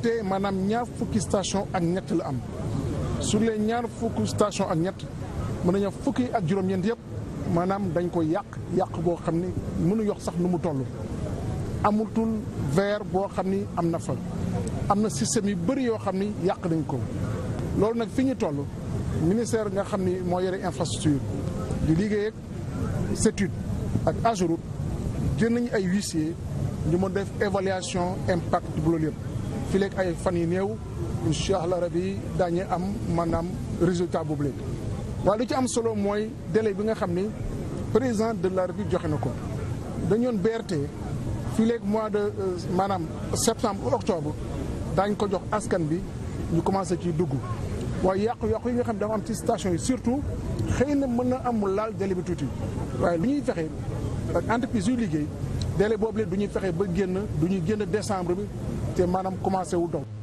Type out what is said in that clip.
te maanaam ñaar fukki station ak ñett la am sur les ñaar fukki station ak ñett mën nañu fukki ak juróom-ñeent yëpp maanaam dañ ko yàq yàq boo xam ni mënu yox sax nu mu toll amutul verre boo xam ni am na fa am na système yu bëri yoo xam ni yàq nañ ko loolu nag fi ñu toll ministère nga xam ni moo yore infrastructure di liggéey ak CETUD ak AGEROUTE jën nañu ay huissier ñu mën def évaluation impact bu loolu yëpp fii léegi ay fan yu néew incha allah rabi daañu am maanaam résultat boobu léegi waaye lu ci am solo mooy délai bi nga xam ni président de la République joxe na ko dañoon BRT fii léegi mois de euh, maanaam septembre octobre daañ ko jox askan bi ñu commencé ci dugg waaye yàqu-yàqu yi nga xam ne dafa am ci station yi surtout xëy na mën na amul laal délai bi tuuti waaye lu ñuy fexe entreprise yu liggéey. délai boobu leen du ñuy fexe ba génn du ñuy génn décembre bi te maanam commencé wu dox